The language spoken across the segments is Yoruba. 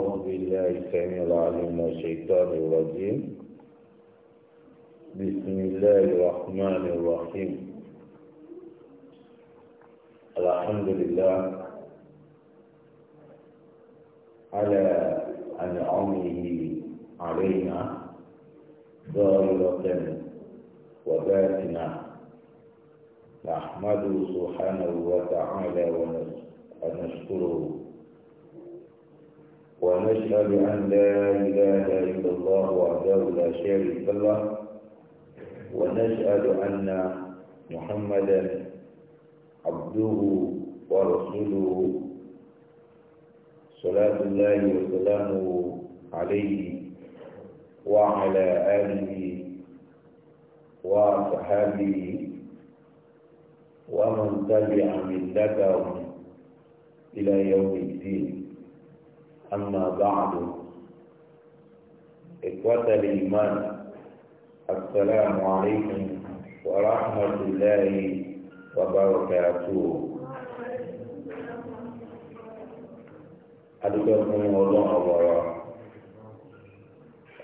أعوذ بالله السميع العليم من الشيطان الرجيم بسم الله الرحمن الرحيم الحمد لله على أنعمه علينا ظاهرة وباطنة نحمده سبحانه وتعالى ونشكره ونشهد أن لا إله إلا الله وحده لا شريك له ونشهد أن محمدا عبده ورسوله صلاة الله وسلامه عليه وعلى آله وصحابه ومن تبع ملتهم إلى يوم الدين أما بعد إخوة الإيمان السلام عليكم ورحمة الله وبركاته adúgbò fún ọlọ́run ọ̀bọ̀rọ̀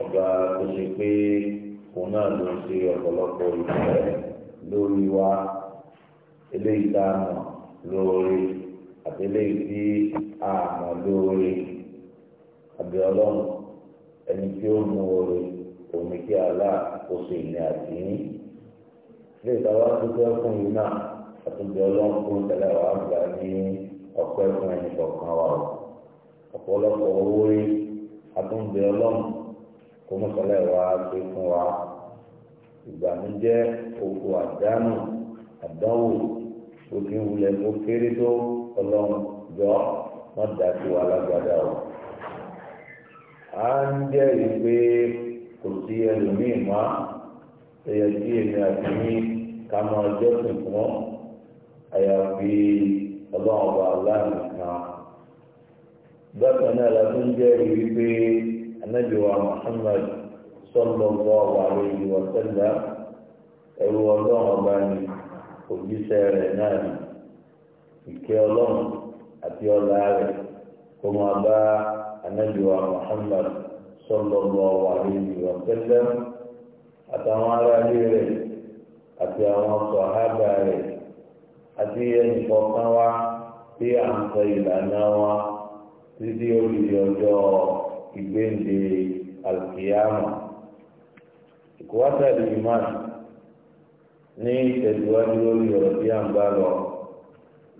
ọba tó ṣe pé òun náà ló ń ṣe ọ̀pọ̀lọpọ̀ ìfẹ́ lórí wa eléyìí tá a mọ̀ lóore àti eléyìí tí a mọ̀ lóore àbí ọlọ́run ẹni tí ó mú oore omi kí àlá oṣù ìní àti ní. ilé ìtawá dúpẹ́ fún yìí náà àtúndì ọlọ́run fún tẹ́lẹ̀ wàá gbà ní ọpẹ́ fún ẹnì kọ̀ọ̀kan wa o. ọ̀pọ̀lọpọ̀ owó rí àtúndì ọlọ́run kò mú tẹ́lẹ̀ wàá gbé fún wa. ìgbàmújẹ́ òkú àdánù àdánwò òkè wulẹ̀ tó kéré ọlọ́run jọ wọ́n dàbí wàhálà gbàdá o à ń jẹ́rìí pé kò sí ẹlòmíì mọ́ ẹ̀yẹ tí èmi àti mi ká mọ ọjọ́ sìn fún àyàfi ọlọ́run aláàmì kan. bákan náà la tún jẹ́rìí wípé anábìwá Muhammad sallallahu alayhi wa sallam ẹrú ọlọ́run ọba ni òjíṣẹ́ rẹ̀ náà ni ìkẹ́ ọlọ́run àti ọlá rẹ̀ kó máa bá anájúwa muhammad sallallahu alaihi wa sallam àtàwọn aráàlú rẹ̀ àti àwọn sọ̀hábà rẹ̀ àti ẹnìkọ̀ọ̀kan wa tí à ń sọ ìlànà wa títí olùdí ọjọ́ ìgbéǹde alkiyama ìkọ́wátà ìmáà ní ìtẹ̀síwájú lórí ọ̀rọ̀ tí à ń bá lọ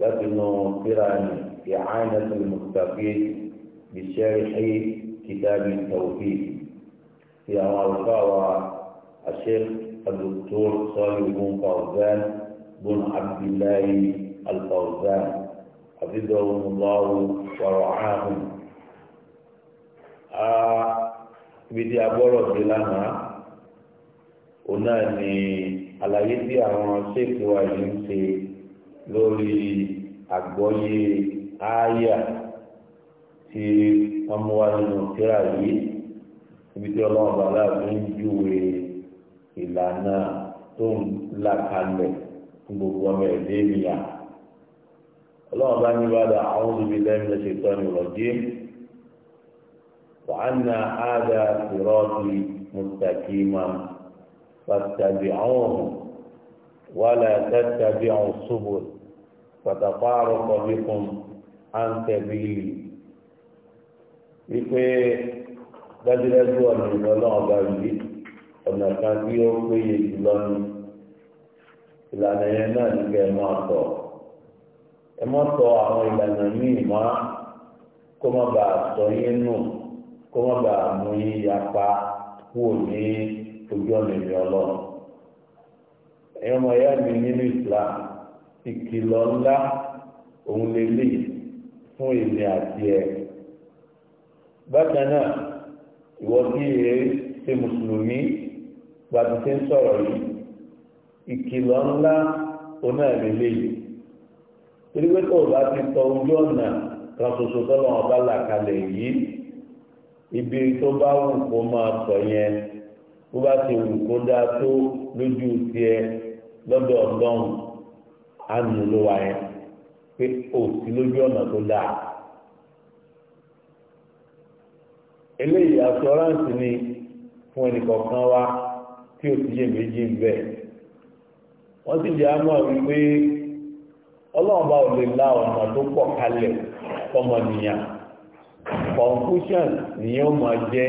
láti nu kíra ní ìhánilẹ́sìn mùsùlùmí. بشارح كتاب التوحيد في أمرفاوى الشيخ الدكتور صالح بن فوزان بن عبد الله الفوزان حفظهم الله ورعاهم بدي أبورو بلانا وناني àlàyé tí àwọn ṣèkìwá yìí ń ṣe lórí àgbọ́yé ááyà tí wọ́n mú wá nínú tíra yìí ibi tí ọlọ́run bàbá mi ń júwe ìlànà tó ń là kalẹ̀ fún gbogbo ọmọ ẹ̀dẹ́ ènìyàn ọlọ́run bá ní bàdà àwọn olùbí lẹ́yìn lọ́sẹ̀ tó ní ìrọ̀jẹ́ وأن هذا صراطي مستقيما فاتبعوه ولا تتبعوا السبل فتفارق بكم عن سبيلي wípé dájúdájú ọ̀nà ìlú ọlọ́ọ̀gá yìí ọ̀nà kan tí ó péye jùlọ ní ìlànà yẹn náà ní kẹ́ ẹ máa tọ̀ ẹ má àwọn ìlànà míì má kó má bàa sọ yín nù kó má bàa mú yín yapa kúrò ní ojú bákan náà ìwọ tí ẹ ṣe mùsùlùmí gbàdúrà tí ń sọ̀rọ̀ yìí ìkìlọ̀ ńlá onáàlélẹ́ yìí torí pé tó o bá ti tọ ojú ọ̀nà kan ṣoṣo tọ́lọ́ ọba là kalẹ̀ yìí ibi tó bá wù kó máa tọ̀ yẹn bó bá ti wù kó dáa tó lójú tiẹ̀ lọ́dọ̀ ọlọ́run àánú yẹn pé o sí lójú ọ̀nà tó dáa. eléyìí assurance ni fún ẹnìkọ̀ọ̀kan wa tí ó ti yé méjì ń bẹ̀ wọ́n sì jẹ́ àmọ́ wípé ọlọ́run bá ò lè la ọ̀nà tó pọ̀ kalẹ̀ fọmọnìyàn confusion nìyẹn ó máa jẹ́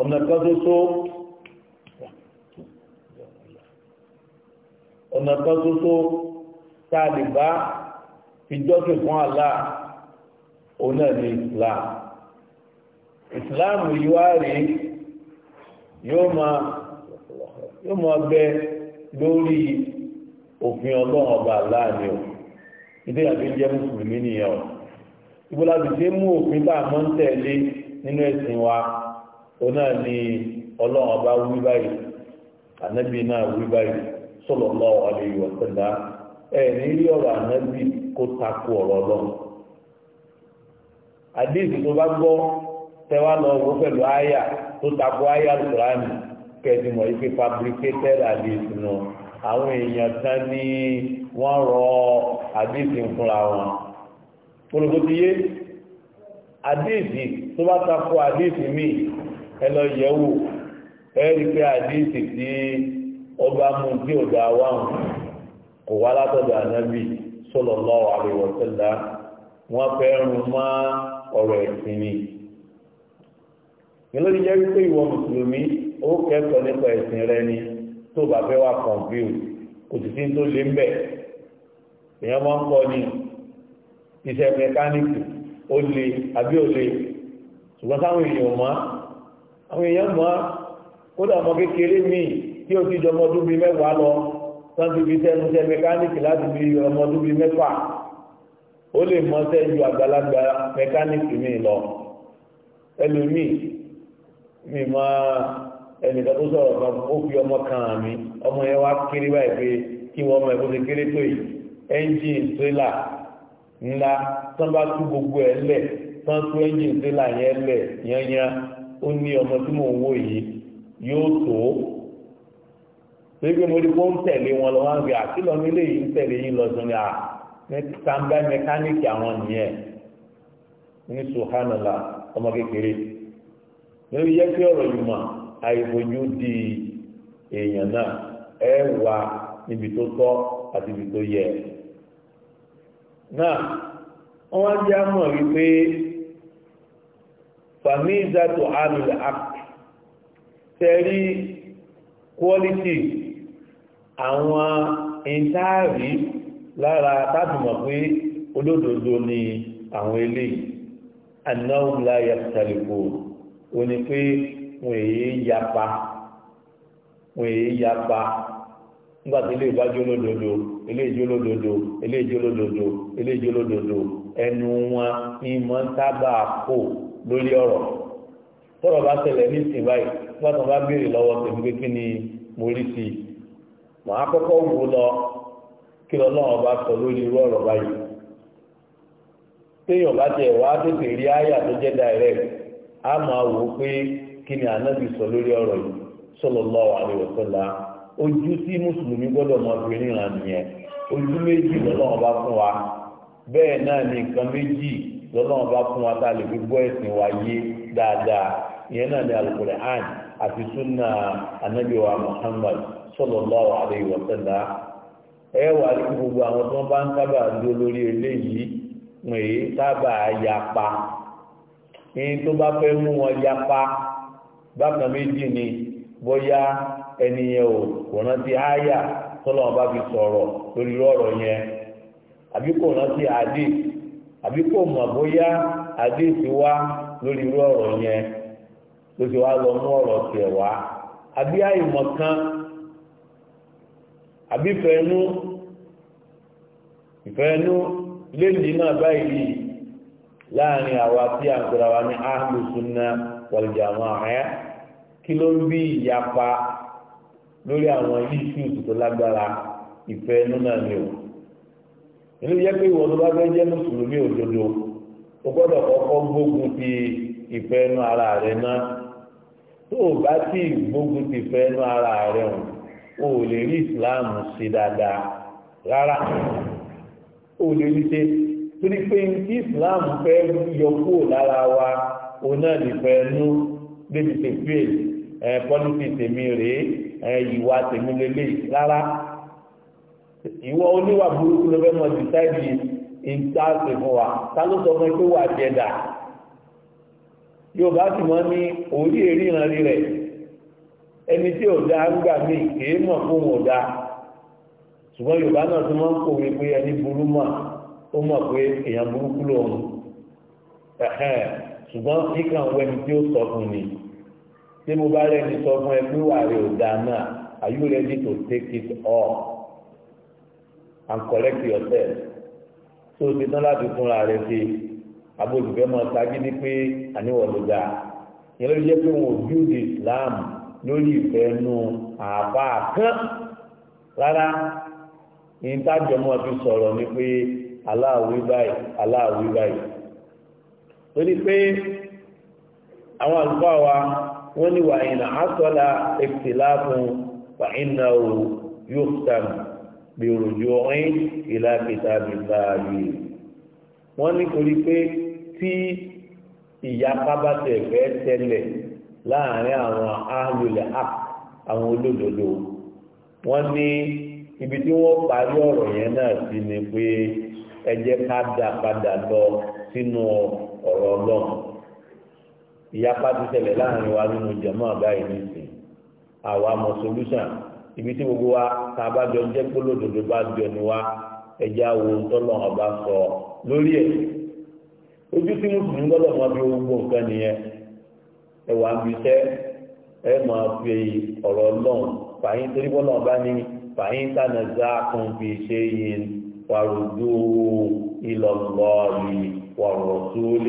ọ̀nà kan tó tó ọ̀nà kan tó tó tá a lè bá ìjọ́sìn fún àlá òun náà ní Islam ìsìláàmù yíwá rèé yóò máa bẹ lórí òfin ọlọ́run ọba láàrin o ìdí àti jẹ́ mùsùlùmí nìyẹn o ibo láti ṣe mú òfin tá a mọ́ ń tẹ̀lé nínú ẹ̀sìn wa ó náà ni ọlọ́run ọba wí báyìí ànábì náà wí báyìí sallallahu alaihi wa sallam ẹ̀ ní rí ọ̀rọ̀ ànábì kó takò ọ̀rọ̀ ọlọ́run àdéhùn tó bá gbọ́ tẹ́wá lọ wó pẹ̀lú àyà tó takò àyà lùkùránì kẹ́ẹ̀dì mọ̀ yìí pé fabricated àdìsí nù àwọn èèyàn kan ní wọ́n rọ àdìsí ń fúnra wọn. olùkó ti yé àdìsí tó bá takò àdìsí míì ẹ lọ yẹ̀wò ẹ rí pé àdìsí tí ọba mú tí ò dá wáhùn kò wá látọ̀dọ̀ ànábì sallallahu alaihi wasallam wọ́n fẹ́ rún mọ́ ọ̀rọ̀ ẹ̀sìn ni ìlú ti jẹ́ wípé ìwọ mùsùlùmí ó kẹ́kọ̀ọ́ nípa ẹ̀sìn rẹ ni tó bá fẹ́ wà kọ̀ǹfíù kò sì sí tó lé ń bẹ̀ èèyàn máa ń kọ́ ni iṣẹ́ mẹkáníìkì ó le àbí ó le ṣùgbọ́n táwọn èèyàn mọ́ àwọn èèyàn mọ́ kódà ọmọ kékeré míì tí ó ti jọ ọmọ ọdún bíi mẹ́wàá lọ tán ti fi sẹ́nu sẹ́ mẹkáníìkì láti fi ọmọ ọdún bíi mẹ́fà ó lè mọ sẹ́yìn ju àgbàlagbà mẹkáníìkì míì lọ ẹlòmíì mi máa ẹnìkan tó sọ̀rọ̀ kan ó fi ọmọ kan mi ọmọ yẹn wá kéré báyìí pé kí wọ́n mọ ẹ̀kọ́ ti kéré tó yìí ẹ́ńjìn tírélà ńlá tán bá tú gbogbo ẹ̀ lẹ̀ tán tú ẹ́ńjìn tírélà yẹn lẹ̀ yányá ó ní ọmọ tí mò ń wò yìí yóò tó pépé mo rí kó lọ wọn fi yìí ń tẹ̀lé lọ sọ́ni à mẹkáníìkì àwọn nìyẹn ní sùhánàlá lórí yẹ kí ọ̀rọ̀ yìí mà àìfojú di èèyàn náà ẹ wà níbi tó tọ́ àti ibi tó yẹ náà wọ́n wá jẹ́ àmọ̀ wípé fàmíìzà tó àmì àpè tẹ̀rí quality àwọn ìntáàrí lára tábìmọ̀ pé olódodo ni àwọn eléyìí anáwó láyà tẹlifóònù òní pé wọn èyí yapa wọn èyí yapa nígbà tí ilé ìbá jólódodo ilé ìjólódodo ilé ìjólódodo ilé ẹnu wọn ni mọ ń sábà lori lórí tọrọ bá ṣẹlẹ̀ ní ìsìn nígbà tí wọn bá béèrè ni mo rí sí i màá kọ́kọ́ wò lọ kí lọ́lọ́run bá sọ lórí irú ọ̀rọ̀ báyìí téèyàn bá tiẹ̀ wá tètè rí àyà a máa wò ó pé kí ni ànábì sọ lórí ọ̀rọ̀ yìí sallallahu alaihi ojú tí mùsùlùmí gbọ́dọ̀ máa fi ríran nìyẹn ojú méjì lọ́lọ́run bá fún wa bẹ́ẹ̀ náà ni nǹkan méjì lọ́lọ́run bá fún wa tá a lè fi gbọ́ ẹ̀sìn wa yé dáadáa ìyẹn wa muhammad sallallahu alaihi ẹ wà ní gbogbo àwọn bá ń sábà dúró lórí eléyìí ẹni tó bá fẹ́ mú wọn pa bákan méjì ni bóyá ẹnìyẹn ò kò rántí áyà tọ́lọ́ bá fi sọ̀rọ̀ lórí ọ̀rọ̀ yẹn àbí kò rántí àdé àbí kò mọ̀ bóyá àdé ti wá lórí ọ̀rọ̀ yẹn ló ti wá lọ mú ọ̀rọ̀ tiẹ̀ wá àbí kan àbí fẹ́ẹ́nú ìfẹ́ẹ́nú láàrin àwa tí a ń pèrè àwa ní ahlu sunna wal jama'a kí ló ń bí ìyapa lórí àwọn issues tó lágbára ìfẹ́ nínú àmì o ìlú yẹ pé ìwọ tó bá fẹ́ jẹ́ mùsùlùmí òdodo o gbọ́dọ̀ kọ́kọ́ gbógun ti ìfẹ́ inú ara rẹ náà tó o bá tí gbógun ti ìfẹ́ inú ara rẹ hàn o lè rí ìsìláàmù ṣe dáadáa rárá o lè rí ṣe torí pé islam fẹ́ yọ kúrò lára wa òun náà lè fẹ́ nú débi tèpé ẹ pọ́lítì tèmi rèé ẹ ìwà tèmi lélẹ̀ rárá ìwọ oníwà burúkú ló fẹ́ mọ dìtáìdì ìtaàsì fún wa ta ló sọ fún ẹ pé wà jẹ̀dà yorùbá sì mọ́ ní òórí èrí ìrànlẹ́ rẹ̀ ẹni tí ò dáa ń gbà kì í mọ̀ fóun ò dáa ṣùgbọ́n yorùbá náà tún máa ń kòwé pé ẹni burú mọ̀ ó mọ̀ pé èèyàn burúkú lòun ṣùgbọ́n kíkà ń wẹni tí ó sọ fún ni tí mo bá rẹni sọ fún ẹ pé wà rẹ ò dáa náà are you ready to take it all and collect yourself tó o ti tán láti fúnra rẹ ṣe abójúfẹ́ mọ́ sagídí pé àníwọ̀ ló dáa yẹn ló jẹ́ pé wọn ò build Islam lórí ìfẹ́ nu àbá kan rárá ìtajọ́ mọ́ fi sọ̀rọ̀ ni pé aláàwí báyìí aláàwí báyìí torí pé àwọn àlùfáà wa wọ́n ní wà ìnà àtọ́lá ìtìláàfún wà ìnà òru yóò tàn gbèrò ju ọ̀rìn ìlà kìtàbí báyìí wọ́n ní torí pé tí ìyapa bá tẹ̀ fẹ́ tẹ́lẹ̀ láàrin àwọn ahlulẹ̀ haq àwọn olódodo wọ́n ní ibi tí wọ́n parí ọ̀rọ̀ yẹn náà sí ni pé ẹ jẹ́ ká dà padà lọ sínú ọ̀rọ̀ ọlọ́run ìyapa ti ṣẹlẹ̀ láàrin wa nínú jẹ̀mọ́ àbáyìí nìsín àwa mọ̀ solution ibi tí gbogbo wa tá a bá jọ jẹ́ pé lódodo bá jọ ni wa ẹ jẹ́ àwo tọ́lọ̀ ọba sọ lórí ẹ̀ ojú tí mùsùlùmí gbọ́dọ̀ mọ bí owó gbọ́ nǹkan nìyẹn ẹ wà ń bisẹ́ ẹ máa fi ọ̀rọ̀ ọlọ́run fàyín torí bọ́lá ọba ní fàyín tànà zá kún fi ṣe yìí وردوه إلى الله والرسول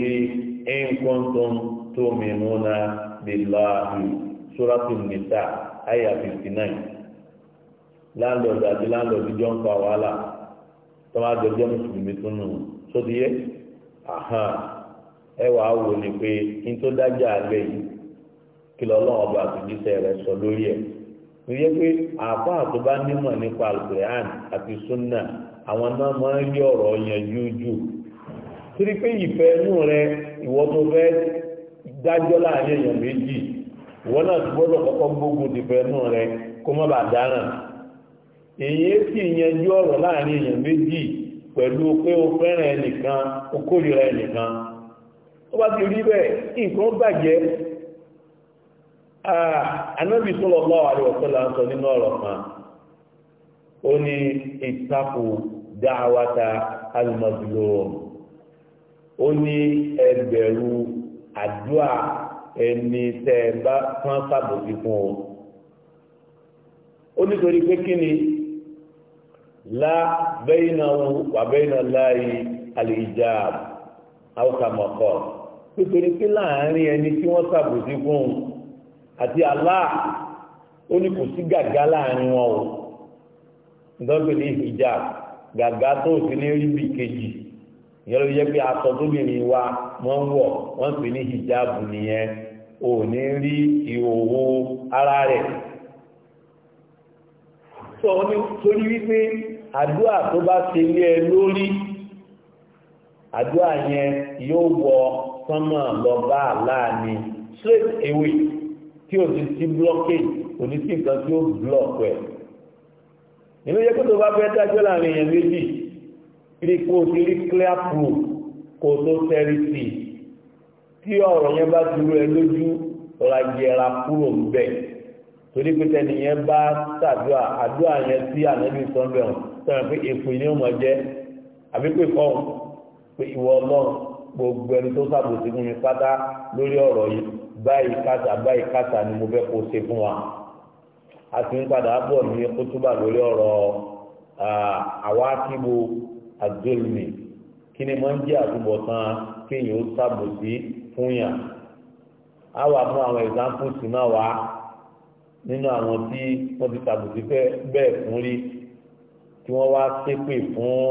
إن كنتم تؤمنون بالله 59 láńlọ́ọ̀dù àti láńlọ́ọ̀dù jọ ń fa wàhálà tó máa jọ mùsùlùmí tó nù àhán ẹ wò ni pé kí n tó dájà àgbẹ̀ yìí kí lọ́lọ́run ọba àtúnjíṣẹ́ sọ lórí ẹ̀ pé tó bá nímọ̀ nípa àti àwọn náà máa ń rí ọ̀rọ̀ yanjú jù torí pé ìfẹ́ inú rẹ ìwọ tó fẹ́ dájọ́ láàrin èèyàn méjì ìwọ náà ti gbọ́dọ̀ kọ́kọ́ gbógun tìfẹ́ inú rẹ kó má bàa dáràn èyí sì yanjú ọ̀rọ̀ láàrin èèyàn méjì pẹ̀lú pé o fẹ́ràn ẹnìkan o kórìíra ẹnìkan ó bá ti rí bẹ́ẹ̀ nǹkan bàjẹ́ anábì ah, sallallahu alaihi wasallam ń sọ nínú ọ̀rọ̀ kan ó ní ìtakùn dáhàwátà al-mazlum ó ní ẹgbẹ̀rú àdúrà ẹni tẹ́ ẹ bá fọ́n fàbòsí fún o ó nítorí pé kí ni la bẹ́yìnàwó wà bẹ́yìnà láàyè al-ijab àwòkàmọ̀kọ́ nítorí pé láàárín ẹni tí wọ́n fàbòsí fún o àti Allah ó ní kò sí gàgá láàárín wọn o nítorí ní hijab gàgá tó sì ní rí bì kejì ìyẹn ló yẹ pé aṣọ tóbìnrin wa wọ́n wọ̀ wọ́n pè ní hijabu nìyẹn ò ní rí ìhòòhò ara rẹ̀ sọ ní torí wípé àdúrà tó bá ṣe lé ẹ lórí àdúrà yẹn yóò wọ sánmà lọ bá àláàní straight away tí o ti ti blockade kò ní sí nǹkan tí ó block ẹ̀ inú yẹ kó tó bá fẹ́ dájọ́ láàrin èèyàn méjì rí kó ti rí clear proof kó tó tẹ́rí sí i tí ọ̀rọ̀ yẹn bá dúró ẹ lójú ọ̀rọ̀ àjẹrà kúrò ń bẹ̀ torí pé tẹnìyẹn bá ṣàdúrà àdúrà yẹn sí ànábì sọ́ńbẹ̀ ọ̀hún sọ̀rọ̀ pé èpè ni ó mọ̀ jẹ́ àbí pé kọ́ pé ìwọ ọlọ́run gbogbo ẹni tó ṣàbòsí fún mi pátá lórí ọ̀rọ̀ yìí báyìí kásá báyìí kásá ni mo fẹ́ kó ṣe fún wa a ti ń bọ̀ ní kótóbà lórí ọ̀rọ̀ àwákíbo àjọlùmí kí ni mo ń jẹ́ àtúbọ̀tán kéèyàn ó sàbòsí fún yàn á wà mú àwọn examples náà wá nínú àwọn tí wọ́n ti sàbòsí bẹ́ẹ̀ fún rí tí wọ́n wá ṣépè fún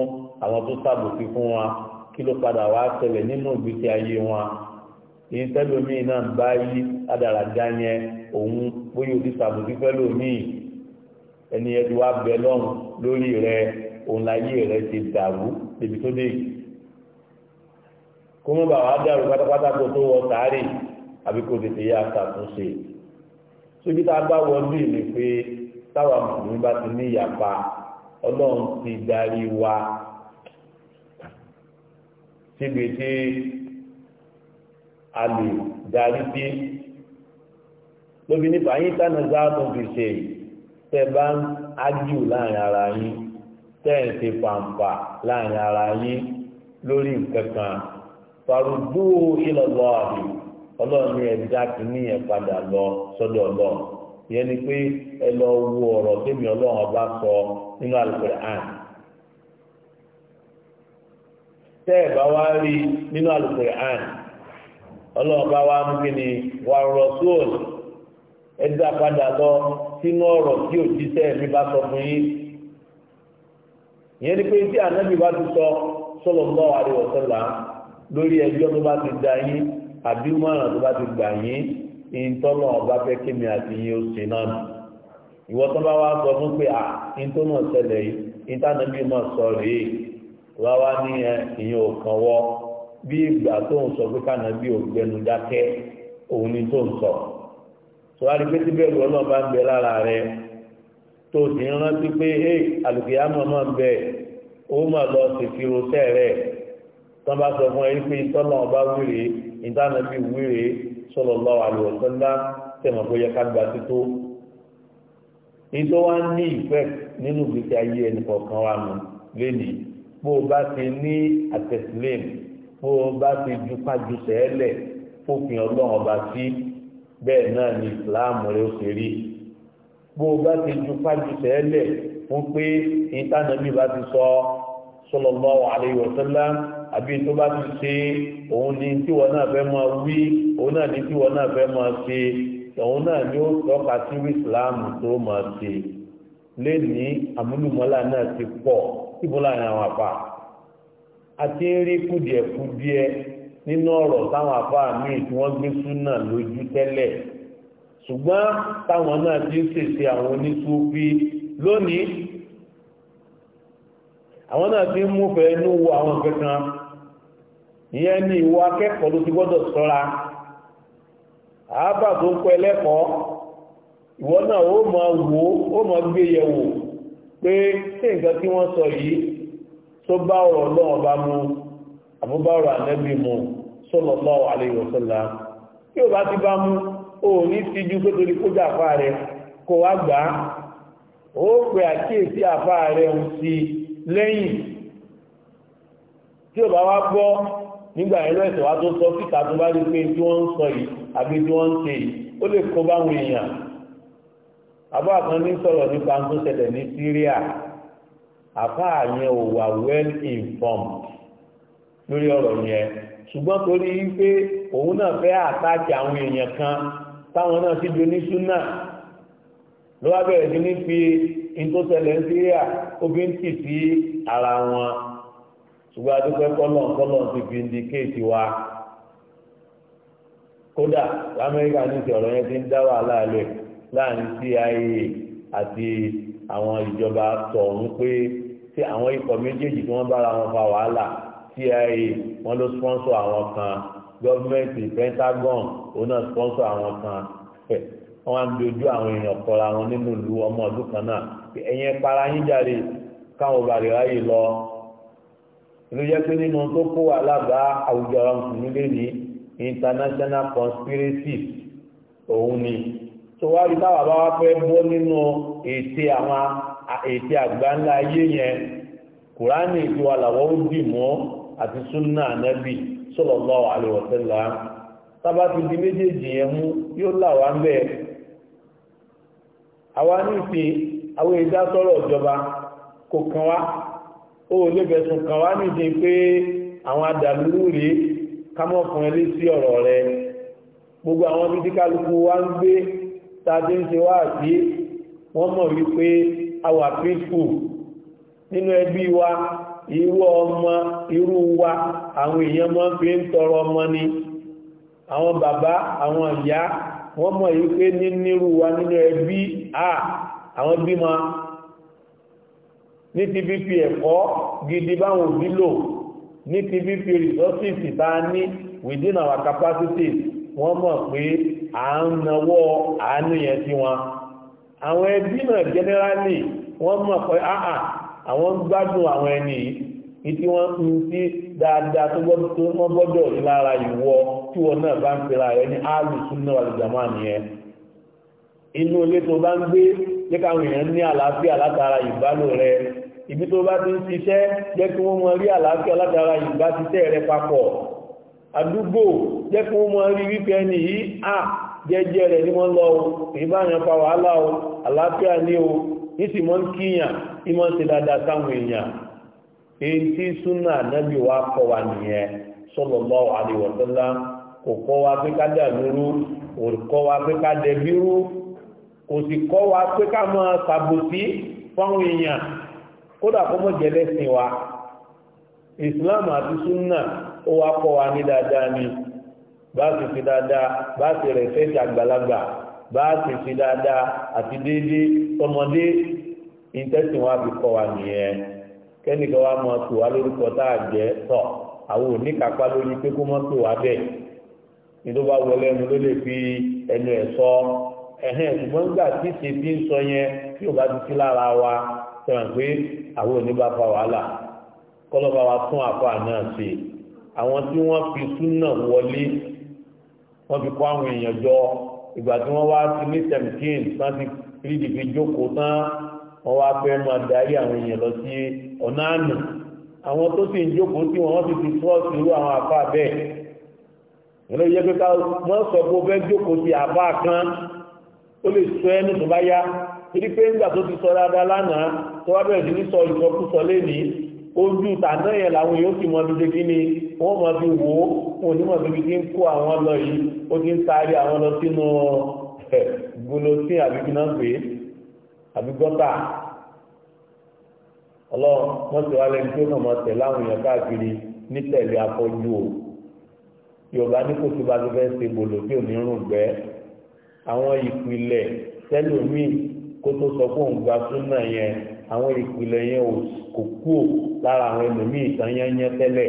àwọn tó sàbòsí fún wa kí ló padà wá ṣẹlẹ̀ nínú ìgbésí ayé wọn ìyẹn tẹ́lómi náà bá yí adàràdá yẹn òun bóyá o ti sàbòsí fẹ́ lómii ẹni ẹ ti wá bẹ lọ́rùn lórí rẹ òun láyé rẹ ti dàrú débi tó dé yìí kó mọ́ bàá wá dàrú pátápátá kó tó wọ sáré àbí kó tètè yá ṣàtúnṣe sójú tá a bá wọ bí mi pé táwa mùsùlùmí bá ti ní ìyapa ọlọ́run ti darí wa síbi tí a lè darí dé. lóbi nípa yín tánà záàtún fi ṣe tẹ bá ń ájú láàrin ara yín tẹ ń ṣe pàǹpà láàrin ara yín lórí nǹkan kan farudú àbí ní ẹ̀dá kìíní padà lọ sọ́dọ̀ ọlọ́run ìyẹn ni pé ẹ lọ wo ọ̀rọ̀ tèmi ọlọ́run ọba sọ nínú ẹ̀dá padà lọ sínú ọ̀rọ̀ tí òjíṣẹ́ mi bá sọ fún yín ìyẹn ni pé tí ànábì bá ti sọ sallallahu alaihi wasallam lórí ẹjọ́ tó bá ti da yín àbí mọ́ràn tó bá ti gbà yín ìtọ́nà ọba fẹ́ kémi àti yín ó sì náà nù ìwọ tó bá wá sọ fún pé à ìtọ́nà ṣẹlẹ̀ yìí ìtànàbí mọ̀ sọ rèé wá wá ní ìyẹn ò kàn bí ìgbà tó ń sọ pé kànábì ò dákẹ́ òun ni tó ń sọ tó a lè pé síbẹ̀ ìwọ náà bá ń bẹ lára rẹ tó o sì ń rántí pé ẹ àlùkìyà máa máa ń bẹ ó máa lọ ṣèṣirò tẹ́ rẹ tán bá sọ fún ẹ pé tọ́lá ọba wíre ìdáná bíi wíre sallallahu alaihi wasallam tẹ̀mọ̀ bóyá ká gba tító ìtọ́ wa ní ìfẹ́ nínú ìgbésí ayé ẹnì kọ̀ọ̀kan wa nù lénìí bó o bá ti ní àtẹ̀sílẹ̀ bó o bá ti ju kájú sẹ́ẹ̀lẹ̀ fòfin ọlọ́run ọba sí bẹ́ẹ̀ náà ni ìsìláàmù rẹ̀ ó ṣe rí bó o bá ti ju pájú tẹ́lẹ̀ fún pé ìtànàbí bá ti sọ sallallahu alaihi wasallam àbí tó bá ti ṣe òun ni tí náà fẹ́ máa wí òun náà ni tí wọn náà fẹ́ máa ṣe òun náà ni ó tọ́ka sí ìsìláàmù tó máa ṣe lẹ́ni àmúlùmọ́lá náà ti pọ̀ síbúlá àwọn àpá àti rí kùdìẹ̀kùdìẹ̀ nínú ọ̀rọ̀ táwọn àfáà míì tí wọ́n gbé súnà lójú tẹ́lẹ̀ ṣùgbọ́n táwọn náà ti ń ṣèṣe àwọn oníṣúfí lónìí àwọn náà ti ń múfẹ́ inú wo àwọn kankan ìyẹn ni ìwọ akẹ́kọ̀ọ́ ló ti gbọ́dọ̀ sọ́ra àábà tó ń kọ́ ẹlẹ́kọ̀ọ́ ìwọ náà ó máa wò ó máa gbé yẹ̀wò pé sí nǹkan tí wọ́n sọ yìí tó bá ọ̀rọ̀ lọ́wọ́ bá mu àmúbáwò ànábì mu sallallahu alaihi wasallam tí o bá ti bá mú o ní tijú pé torí kó jà fáà rẹ kó wá gbà á ó pè àkíyèsí àfáà rẹ ń sí lẹ́yìn tí o bá wá gbọ́ nígbà ẹ̀rọ ẹ̀sẹ̀ wa tó sọ síta tó bá rí pé tí wọ́n ń sọ yìí àbí tí wọ́n ń ṣe yìí ó lè kó báwọn èèyàn àbá kan ní sọ̀rọ̀ nípa tó ṣẹlẹ̀ ní Syria àfáà yẹn ò wà well informed lórí ọ̀rọ̀ yẹn ṣùgbọ́n torí wípé òun náà fẹ́ àtàkì àwọn èèyàn kan táwọn náà ti do ní súnà ló wá bẹ̀rẹ̀ sí ní fi intosẹ̀lẹ̀ ń síríà obìn tì sí ara wọn ṣùgbọ́n adúpẹ́ kọ́lọ̀ kọ́lọ̀ ti fi indikéètì wa kódà amẹ́ríkà ní ti ọ̀rọ̀ yẹn ti ń dá wàhálà lẹ̀ láàrin CIA àti àwọn ìjọba tọ̀hún pé tí àwọn ikọ̀ méjèèjì tí wọ́n bára wọn fa wàhálà cia wọ́n ló sponsor àwọn kan gọ́ọ̀mẹ̀ntì pentagon òun náà sponsor àwọn kan pẹ̀ wọ́n á dojú àwọn èèyàn kọra wọn nínú ìlú ọmọ ọdún kan náà ẹ̀yin para yín jáde káwọn balẹ̀ ráyè lọ ló jẹ́ pé nínú tó kó alága àwùjọ ọ̀rọ̀ mùsùlùmí lẹ́yìn international conspiracy òun ni tó wá rí táwa bá wá fẹ́ bọ́ nínú ète àwọn ète àgbáńlá ayé yẹn kùránì ìtura làwọn ó dì mọ́ àti súnà ànábì sallallahu alaihi wasallam ti di méjèèjì yẹn mú yóò là wá ń bẹ́ẹ̀ àwa ní ìpè àwọn ìdá ìjọba kò kàn wá ó lè bẹ̀sùn kàn wá nídìí pé àwọn adàlúrú rèé ẹ lé sí gbogbo àwọn bíi wa ń gbé tá a ti ń ṣe wá àti nínú ẹbí wa irú ọmọ irú wa àwọn èèyàn mọ́ fi ń tọrọ ọmọ ni àwọn bàbá àwọn ìyá wọ́n mọ̀ yí pé nínú wa nínú ẹbí à àwọn bímọ ní ti bí fi ẹ̀kọ́ gidi báwọn òbí lò ní ti bí fi resources bá ní within our capacity wọ́n mọ̀ pé à ń nawọ́ àánú yẹn sí wọn àwọn ẹbí náà generally wọ́n mọ̀ pé àà àwọn ń gbádùn àwọn ẹni yìí ní tí wọ́n ń sí dáadáa tó gbọ́dọ̀ tó wọ́n gbọ́dọ̀ ní lára ìwọ tí wọn náà bá ń pera rẹ ní alùsùn náà àlùjàmọ́ nìyẹn inú ilé tó bá ń gbé jẹ́ káwọn èèyàn ní àlàáfíà látara ìbálò rẹ ibi tó bá ti ń ṣiṣẹ́ jẹ́ kí wọ́n mọ rí àlàáfíà látara ìbáṣiṣẹ́ rẹ papọ̀ àdúgbò jẹ́ kí wọ́n mọ rí wípé ẹni yìí à jẹ́jẹ́ rẹ̀ ni wọ́n lọ ìbáyàn pa wàhálà o àlàáfíà ní o ní sì mọ́ ń kíyàn tí mọ́ ń ṣe dáadáa sáwọn èèyàn èyí tí súnà ànábì wa kọ́ wa nìyẹn sallallahu alaihi wa sallam kò kọ́ wa pé ká dàlúrú kò kọ́ wa pé ká dẹbírú kò sì kọ́ wa pé ká máa ṣàbòsí fáwọn èèyàn kódà kó mọ̀ jẹ́ wa islam àti súnà ó wá kọ́ wa ní dáadáa ni bá sì fi dáadáa bá sì rẹ̀ fẹ́ ti àgbàlagbà bá a ti fi dáadáa àti déédéé tọmọdé ìtẹ́sìn wa fi kọ́ wa nìyẹn kẹ́nìkan wa mọ̀ tó wa lórúkọ tá a jẹ́ tọ̀ àwọn oníkàpá lórí pé kó mọ́ tó wa bẹ́ẹ̀ nítorí wá wọlé ẹnu ló lè fi ẹnu ẹ̀ sọ ẹ̀hẹ́n ṣùgbọ́n nígbà tí ṣe bí ń sọ yẹn tí ò bá ti sí lára wa sọ̀rọ̀ pé àwọn oníbà fa wàhálà kọ́lọ́ba wa tún àfa náà ṣe àwọn tí wọ́n fi súnà wọlé wọ́n fi kọ́ àwọn èèyàn jọ ìgbà tí wọ́n wá sí ní seventeen tán ti three degree jókòó tán wọ́n wá fẹ́ máa darí àwọn èèyàn lọ sí ọ̀nà àná àwọn tó sì ń jókòó tí wọ́n sì ti trust irú àwọn àfa bẹ́ẹ̀ ìlú yẹ pé ká wọ́n sọ pé ó fẹ́ jókòó sí àfa kan ó lè sọ ẹni tó bá yá torí pé nígbà tó ti sọ dáadáa lánàá tó wá bẹ̀rẹ̀ sí ní sọ ìsọkúsọ lénìí ojú tàná yẹn làwọn yóò sì mọ bí ṣe kí ni wọ́n mọ bí wò ó wọn ní mọ̀ bí ti ń kó àwọn lọ yìí ó ti ń taari àwọn lọ sínú gulosin àbí kí náà pè é àbí gọ́tà ọlọ́run wọ́n ti wá lẹ́nu tí ó kàn mọ́ tẹ̀ láwọn èèyàn káàkiri nítẹ̀lé afọ́jú kó tó sọ pé òun gba yẹn àwọn ìpìlẹ̀ yẹn kò kú lára àwọn ẹlòmíì tán yányán tẹ́lẹ̀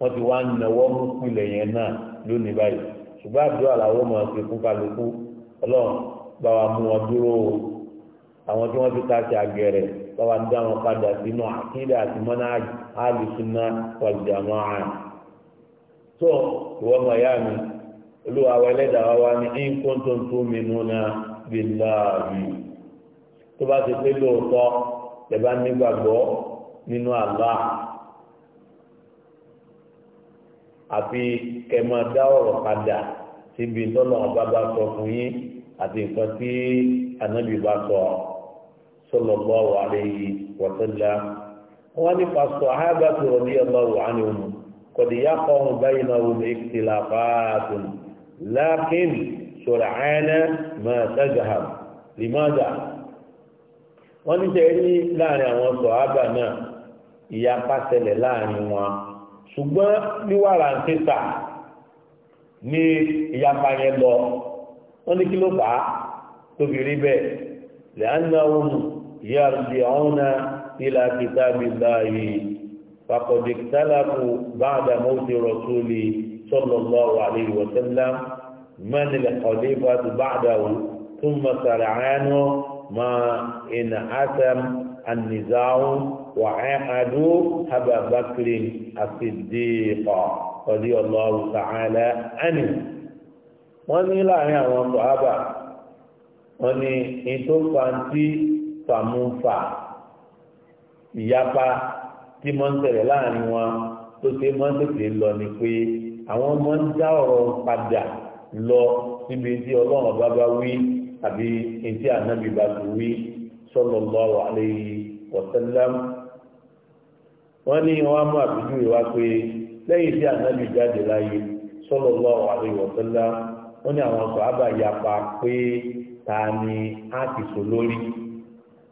wọ́n ti wá ń nawọ́ mú pilẹ̀ yẹn náà lónìí báyìí ṣùgbọ́n àdúrà làwọn máa fi fún kálukú ọlọ́run bá wa mú wọn dúró o àwọn tí wọ́n ti ta ti àgẹ̀rẹ̀ bá wa dá wọn padà sínú àkídà àti mọ́nà àlùsùnà wàlùjàmọ́ àrùn. tó ìwọ́n mọ̀ ìyá mi olúwa wa ẹlẹ́dàá wa wá ní ìkóńtóńtó mi nù náà láàbì tó bá ti pé lóòótọ́ lè bá nígbàgbọ́ nínú Allah àfi kẹmọ dá ọ̀rọ̀ padà síbi tọ́lọ̀ ọba sọ fún yín àti nǹkan tí anábì bá sọ sallallahu alayhi wa sallam wọ́n ní pásítọ̀ ahábàtì rọ̀bí ọlọ́wọ̀ ánìwọ̀n kọ̀dìyà kọ́hún báyìí náà ní láàrin àwọn náà ìyapa ṣẹlẹ̀ láàrin wọn ṣùgbọ́n wíwàrà ń tẹ́ta ní ìyapa yẹn lọ wọ́n ní kí ló fà á tóbi rí bẹ́ẹ̀ lẹ́ánàwọ̀n yàrá ọ̀nà ila kitabillahi faqad ikhtalafu ba'da mawti rasuli sallallahu alayhi wa sallam man al-khalifatu ba'dahu thumma sar'anu ma in asam an-niza'u وعاهدوا أبا بكر الصديق رضي الله تعالى عنه wọ́n ní láàrin àwọn sọ̀hábà wọ́n ní ètò pàǹtí fàmúfà ìyapa tí mọ́ ń tẹ̀lẹ̀ láàrin wọn tó ṣe mọ́ ń tètè lọ ni pé àwọn ọmọ ń dá ọ̀rọ̀ padà lọ síbi tí ọlọ́run bá bá wí àbí etí ànábì bá ti wí sallallahu alayhi wa sallam wọ́n ní wọ́n mú àbíjú ìwá pé lẹ́yìn tí ànábì jáde láyé sallallahu alaihi wa sallam wọ́n ní àwọn ọkọ̀ ábà yapa pé ta ni a ti sọ lórí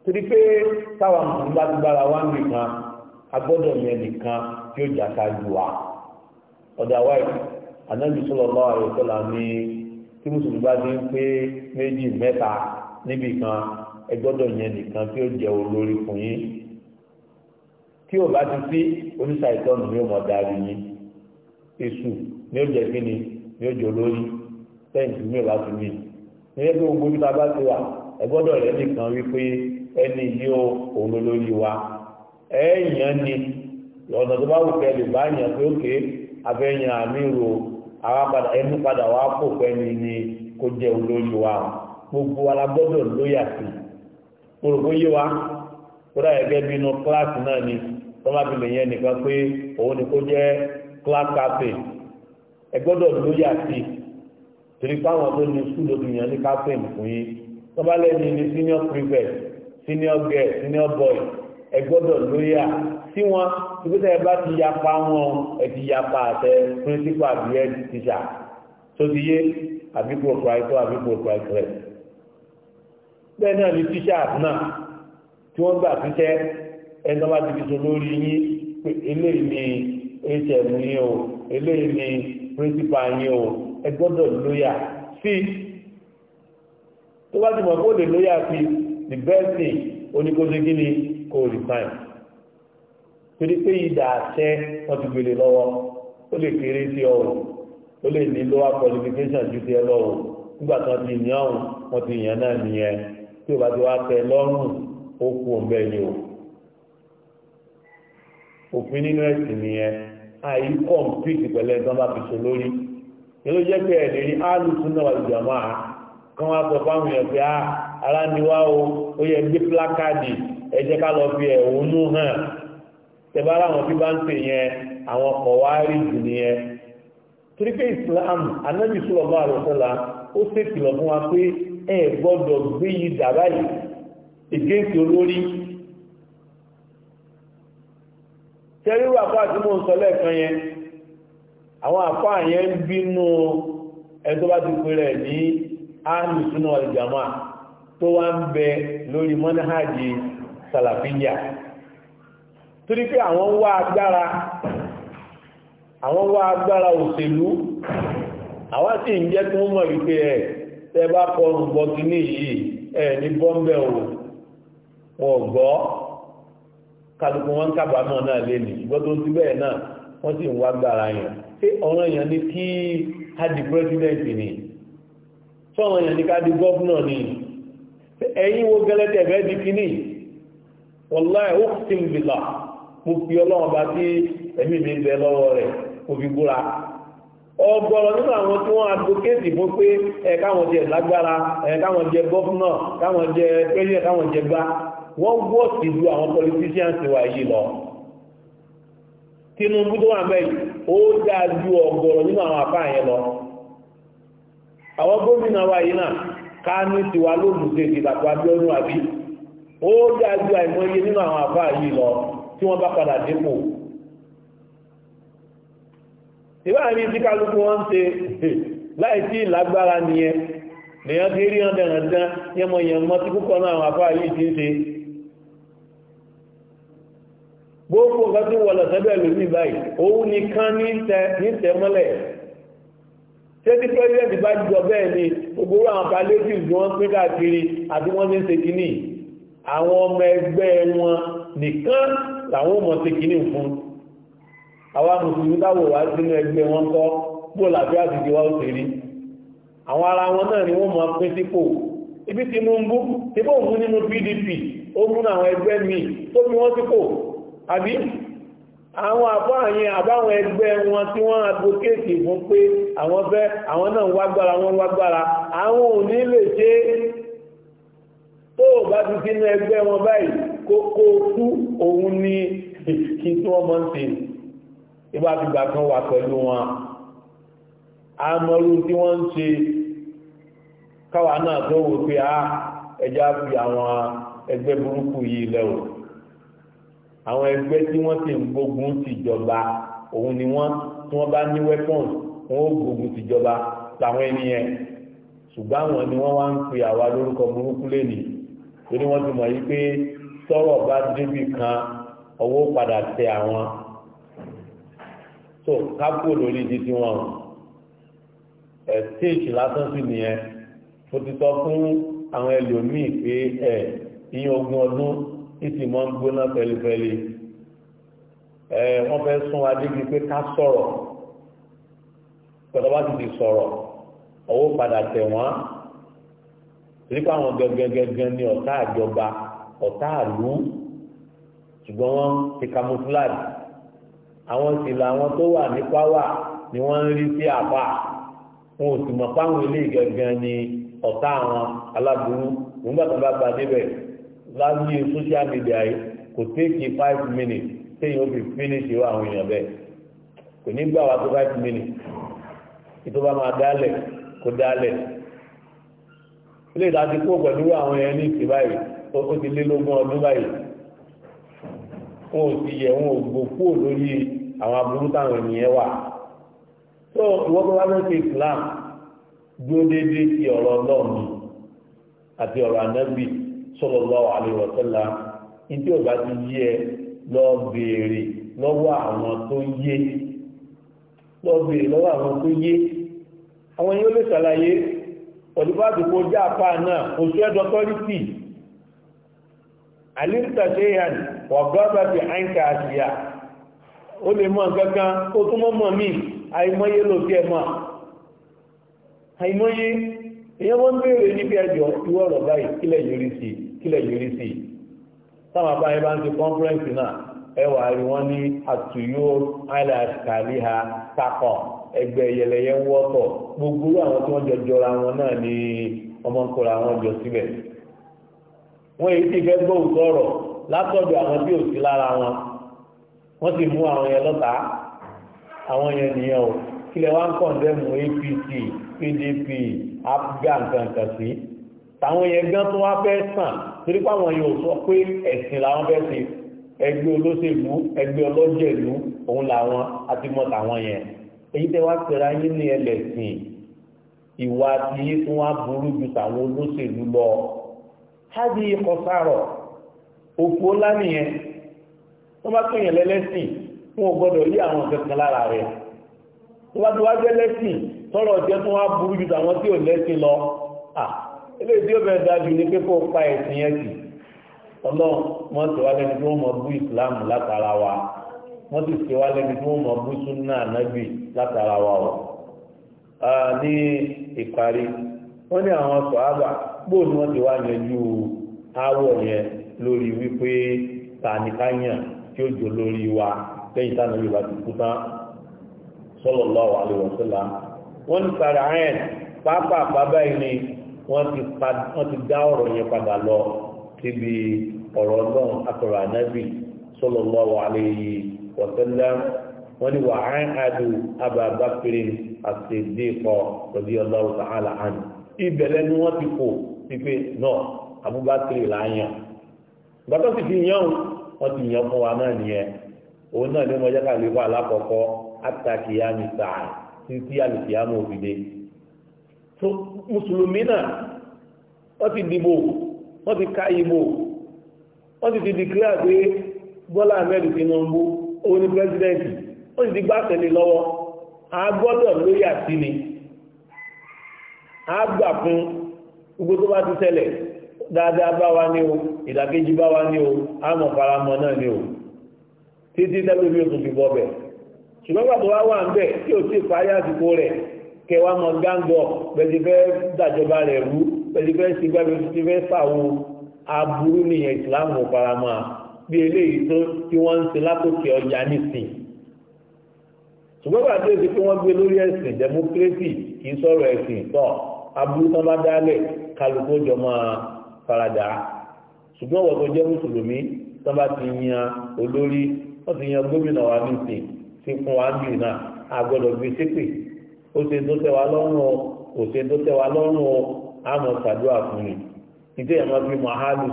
torí pé táwọn mùsùlùmí bá ti gbára wá nìkan a gbọ́dọ̀ yẹn nìkan tí ó jà ṣáájú wa otherwise ànábì sallallahu alaihi wa sallam ní tí mùsùlùmí bá ti ń pé méjì mẹ́ta níbì ẹ gbọ́dọ̀ yẹn nìkan tí ó jẹ́ olórí fún yín tí ò bá ti sí oníṣà ìtọ́nù ni ó mọ̀ darí yín èṣù ni ó jẹ́ kí ni ni ó jẹ́ olórí tẹ́ǹtì mi ò bá ti mí ní ẹgbẹ́ gbogbo ibi a bá ti wà ẹ gbọ́dọ̀ rẹ̀ nìkan wípé ẹni yìí ó òun lórí wa ẹ̀yàn ni ọ̀nà tó bá wù kẹ́ lè bá yàn pé òkè afẹ́yàn àmì ro ẹnu padà wá pò pẹ́ni ni kó jẹ́ olórí wa gbogbo alágbọ́dọ̀ lóyà sí i mo rò bó yé wa kódà gẹ́gẹ́ bí inú kíláàsì náà ni tó má fi lè yẹn nìkan pé òun ni kó jẹ́ class captain ẹ gbọ́dọ̀ lóyè àti torí fáwọn tó ní skul ló fi yàn ní captain fún yín tó bá ní senior prefect senior girl senior boy ẹ gbọ́dọ̀ lóyè à tí wọn ìgbésẹ̀ ẹ bá ti yapa wọn ẹ ti yapa àtẹ principal àbí ẹ tíṣà tó ti yé àbí kò pàìtọ́ àbí kò pàìtọ́ ẹ̀ bẹ́ẹ̀ náà ni tíṣà náà tí wọ́n gbà fíṣẹ́ ẹnlọ́ bá ti lórí yín pé eléyìí ni hm yín o eléyìí ni principal yín o ẹ gbọ́dọ̀ lóyà sí tó bá ti mọ̀ kó lè lóyà sí the best thing oníkóso kí ni kò rí fine torí pé ìdá àṣẹ wọn ti gbélé lọ́wọ́ ó lè kéré sí ọrùn ó lè ní lower qualification ju ti ẹ lọ́rùn nígbà tí wọ́n ti yàn ọ̀hún wọ́n ti yàn náà nìyẹn tí o bá ti wá tẹ lọ́rùn ó kú òun bẹ́ẹ̀ ni o òfin nínú ẹ̀sìn nìyẹn àyí kọ̀m̀pìtì pẹ̀lẹ́ tán bá fi so lórí yóò jẹ́ pé ẹ̀ lè áàlùsùn náà àlùjàmá kan wá sọ fáwọn èèyàn pé ah, ara o ó yẹ gbé pílákàdì ẹ jẹ́ ká lọ fi ẹ̀hónú hàn tẹ̀bá láwọn tí bá ń pè yẹn àwọn ọkọ̀ wá rí jù nìyẹn torí Islam anábì sọlọ́bà àlùsọ́là ó ṣèkìlọ̀ fún wa pé ẹ gbọ́dọ̀ gbé yìí dàbáyìí ègéǹtì olórí tẹ́rírù àfáà tí mo ń sọ lẹ́ẹ̀kan yẹn àwọn àfáà yẹn ń bínú ẹni tó bá ti pè rẹ̀ ní alùsùnà ìjàmà tó wá ń bẹ lórí mọ́náhàjì sàlàfíyà torí pé àwọn wá agbára àwọn wá agbára òṣèlú àwọn sì ń jẹ́ tí wọ́n mọ̀ wípé ẹ̀ tẹ́ bá kọrùn bọ́kíní yìí ẹ̀ ní bọ́m̀bẹ̀ ò wọ́n kálukú wọn kábàámọ̀ náà lé ní ìgbọ́ tó ti bẹ́ẹ̀ náà wọ́n sì ń wá gbára yẹn ṣé ọ̀ràn yẹn ni kí á di pírẹ́sídẹ̀ǹtì ni sọ̀rọ̀ yẹn ni ká di gọ́fúnà ni ẹ̀yin wo gẹ́lẹ́tẹ̀ fẹ́ di kíní wọ́láì ó sì ń bìlà mo fi ọlọ́run bá tí ẹ̀mí mi bẹ lọ́wọ́ rẹ̀ mo fi gbúra ọ̀gọ̀rọ̀ nínú àwọn tí wọ́n advocate fún pé ẹ káwọn jẹ lágbára ẹ káwọn jẹ gọ́fúnà káwọn jẹ pẹ́yẹ káwọn jẹ gbá wọ́n wọ́ sí ju àwọn politicians wa yìí lọ Tinubu tó wà mẹ́yìn ó dáa ju ọ̀gọ̀rọ̀ nínú àwọn àfáà yẹn lọ àwọn gómìnà wa yìí náà ká ní tiwa lóògùnṣe ìdàpọ̀ Abíọ́dún àbí ó dáa ju àìmọye nínú àwọn àfáà yìí lọ tí wọ́n bá padà dínkù ìbáàrin tí kálukú wọ́n ṣe láì tí ìlágbára nìyẹn lèyàn kéré hàn dẹ̀ràn yẹmọ yẹn mọ́ tí púpọ̀ náà àwọn àfáà yìí ti ń ṣe gbogbo nǹkan tí wọ́n lọ sẹ́bẹ̀ lómi báyìí òun nìkan ní tẹ̀mọ́lẹ̀ ṣé tí pẹ́sidẹ́ntì bá jọ bẹ́ẹ̀ ni gbogbo àwọn palliatives ni wọ́n pín káàkiri àti wọ́n ti ń ṣe kínní àwọn ọmọ ẹgbẹ́ wọn nìkan làwọn ọmọ ṣe kínní fún àwa mùsùlùmí táwọn wá sínú ẹgbẹ́ wọn kọ́ bó làbí àtijọ́ wa ó ṣe rí àwọn ara wọn náà ni wọ́n mọ̀ pín sípò ibi Tinubu tí bóun nínú PDP ó mú àwọn ẹgbẹ́ míì tó fi wọ́n sípò àbí àwọn àbá àyìn àbáwọn ẹgbẹ́ wọn tí wọ́n advocate fún pé àwọn fẹ́ àwọn náà wágbára wọn wágbára àwọn ò ní lè ṣe tó bá ti sínú ẹgbẹ́ wọn báyìí kókó tú òun ní kí tí wọ́n mọ́ sí ìbá ti gbà kan wà pẹ̀lú wọn àmọ́rú tí wọ́n ń ṣe káwa náà tó wò pé a ah, ẹja fi àwọn ẹgbẹ́ burúkú yìí lẹ́wọ̀n àwọn ẹgbẹ́ tí wọ́n ti ń gbógun tìjọba òun ni wọ́n tí wọ́n bá ní weapons wọ́n ó gbógun tìjọba làwọn ẹni yẹn ṣùgbọ́n àwọn ni wọ́n wá ń pe àwa lórúkọ burúkú lẹ́nu torí wọ́n ti mọ̀ yí pé tọ́rọ̀ bá débi kan ọwọ́ padà tẹ àwọn tó kápò lórí ibi tí wọ́n ẹ̀ stage lásán sí nìyẹn mo ti sọ fún àwọn ẹlòmíì pé ẹ̀ ìyẹn ogún ọdún ìsì mọ́ ń gbóná fẹlifẹli ẹ wọ́n fẹ́ sún wa débi pé ká sọ̀rọ̀ pẹ̀lú bá ti di sọ̀rọ̀ owó padà tẹ̀ wọ́n nípa àwọn gẹ́gẹ́gẹ́gẹ́ ní ọ̀tá àjọba ọ̀tá àlú ṣùgbọ́n wọ́n ti camouflage àwọn sì làwọn tó wà ní pàwà ni wọ́n ń rí sí àpá wọn ò sì mọ̀ páwọn ilé gẹ́gẹ́ ní ọ̀tá àwọn aláburú nígbà tó bá gba débẹ̀ lábí social media yìí kò téèkì five minutes téèyàn ó fi finish irú àwọn èèyàn bẹ́ẹ̀ kò ní gbà wá tó five minutes ètò bá máa dálẹ̀ kó dálẹ̀ ilé ìdájí kó pẹ̀lú àwọn èèyàn ní ìsìn báyìí ó ti lé lógún ọdún báyìí wọn ò sì yẹ wọn ò gbò kúrò lórí àwọn aburú táwọn ènìyàn wà tó ìwọ́pẹ́ wá lọ́sẹ̀ Islam dúró déédéé ti ọ̀rọ̀ Ọlọ́run àti ọ̀rọ̀ ànábì sallallahu alaihi wa sallam ní tí ò bá ti yé ẹ lọ béèrè lọ́wọ́ àwọn tó yé lọ béèrè lọ́wọ́ àwọn tó yé àwọn yóò lè ṣàlàyé pọ̀lúfàdù kó já apá náà oṣù ẹ̀dọ̀ tọ́lítì àlìntà ṣéyàn wọ̀gọ́bà ti àǹkà àṣìyà ó lè mọ̀ kankan ó tún mọ́ mọ̀ mí àìmọye ló fi ẹ̀mọ́ àìmọye èèyàn wọ́n béèrè níbi ẹjọ́ ìwọ̀rọ̀ báyìí kílẹ̀ yìí sí i kílẹ̀ yìí sí táwọn abáyé bá ń ti conference náà ẹ wà rí wọn ní àtúyó island kàlíha takọ ẹgbẹ́ yẹlẹyẹ ń wọ́tọ̀ gbogbo àwọn tí wọ́n jọ jọra wọn náà ni ọmọ ń kóra wọn jọ síbẹ̀ wọ́n èyí sì fẹ́ gbóhùn sọ̀rọ̀ látọ̀dọ̀ àwọn tí ò sí lára wọn wọ́n sì mú àwọn yẹn lọ́ta àwọn yẹn nìyẹn o kílẹ̀ wá ń kọ̀ǹdẹ́mù APC PDP afghan kankan sí táwọn yẹn gan tó wá fẹ́ sàn torí páwọn yóò sọ pé ẹ̀sìn làwọn fẹ́ ṣe ẹgbẹ́ olóṣèlú ẹgbẹ́ ọlọ́jẹ̀lú òun làwọn àtìmọ́ta wọn yẹn èyí tẹ́ wá pẹ̀lú ayé ní ẹlẹ́sìn ìwà tí yé tún wá burú ju tàwọn olóṣèlú lọ hábí kọsàrọ̀ òkú ńlá nìyẹn wọ́n bá pè yàn lẹ́lẹ́sìn fún ọgbọ́dọ̀ yí àwọn kankan lára rẹ̀ tó bá tó wá jẹ́ lẹ́sìn tọ́rọ̀ jẹ́ tún wá burú ju tàwọn tí ò lẹ́sìn lọ ilé tí ó bẹ̀rẹ̀ dájú ní pé kó pa ẹ̀sìn yẹn ọlọ́run wọ́n ti wá lẹ́ni islam látara wa wọ́n ti ti wá lẹ́ni tí wọ́n mọ̀ bú anabi látara wa o ní ìparí wọ́n ní àwọn ni wọ́n ti wá yanjú áwọ̀ yẹn lórí wípé tí ó jò lórí wa lẹ́yìn táwọn yorùbá ti kú tán sallallahu alaihi wọ́n ẹ̀ wọ́n ti dá ọ̀rọ̀ yẹn padà lọ síbi ọ̀rọ̀ náà akọ̀rọ̀ ànábì sallallahu alayhi wa sallam wọ́n wà á àdù Aba Bakr as-Siddiq radiyallahu ta'ala anhu ibẹ̀lẹ̀ ni wọ́n ti kò pípé náà láàyàn sì fi yàn wọ́n ti yàn fún wa náà nìyẹn òun náà ni wọ́n jẹ́ so mùsùlùmí náà wọ́n ti dìbò wọ́n ti ka ìbò wọ́n ti ti dìkírí àgbé Bọ́lá Ahmed Tinubu òun ni pẹ́sidẹ́ntì ó sì ti gbá tẹ̀lé lọ́wọ́ a gbọ́dọ̀ lórí àti ni a gbà fún gbogbo tó bá ti ṣẹlẹ̀ dáadáa bá wa ní o ìdàkejì bá wa ní o àmọ̀ faramọ́ náà ní o títí tẹ́lómi ò tún fi bọ́ bẹ̀ ṣùgbọ́n pàtó wá wà ń bẹ̀ tí ò sì parí àsìkò rẹ̀ kẹwa mọ gángọ̀ pẹ̀lú fẹ́ dàjọba rẹ̀ rú pẹ̀lú fẹ́ sí gbẹ́gbẹ́ tí fẹ́ sàwọn aburú nìyẹn ìsìláàmù faramọ́ bí eléyìí tó tí wọ́n ń ṣe látòkè ọjà nìsín ṣùgbọ́n bàtí èsì pé wọ́n gbé lórí ẹ̀sìn democracy kì í sọ̀rọ̀ ẹ̀sìn tọ́ aburú tán bá dálẹ̀ kálukú jọ máa faradà ṣùgbọ́n wọ́n tó jẹ́ mùsùlùmí tán bá ti yan olórí wọ́n ti yan gómìnà wa nìsín sí fún wa nìyí náà àgọ́dọ̀ gbé ṣépè ó ṣe tó tẹ́ wa lọ́rùn o kò ṣe tó tẹ́ wa lọ́rùn o àmọ́ ṣàdúrà fún mi nítorí ẹ̀ máa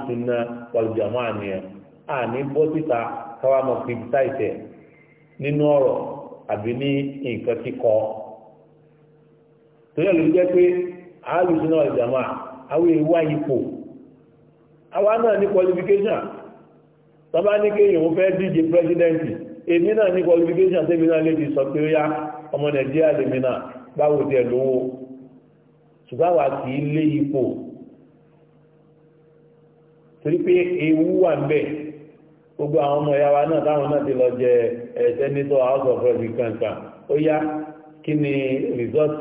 fi mọ pàlùjàmọ́ àníyàn àní bọ́ síta káwá mọ kìrìtáìtì nínú ọ̀rọ̀ àbí ní nǹkan kíkọ torí ẹ̀lú jẹ́ pé pàlùjàmọ́ àwọn ewu àyípo àwa náà ní qualification tọ́ba ní kéèyàn fẹ́ díje pírẹ́sidẹ́ǹtì èmi náà ní qualification tẹ́mi náà lè ti sọ pé ọmọ nàìjíríà lèmi náà báwo tiẹ̀ lówó ṣùgbọ́n àwa kì í lé ipò torí pé ewu wà ń bẹ gbogbo àwọn ọmọ ìyá wa náà táwọn náà ti lọ jẹ ẹ sẹ́nitọ́ house of rep kankan ó yá kí ni resort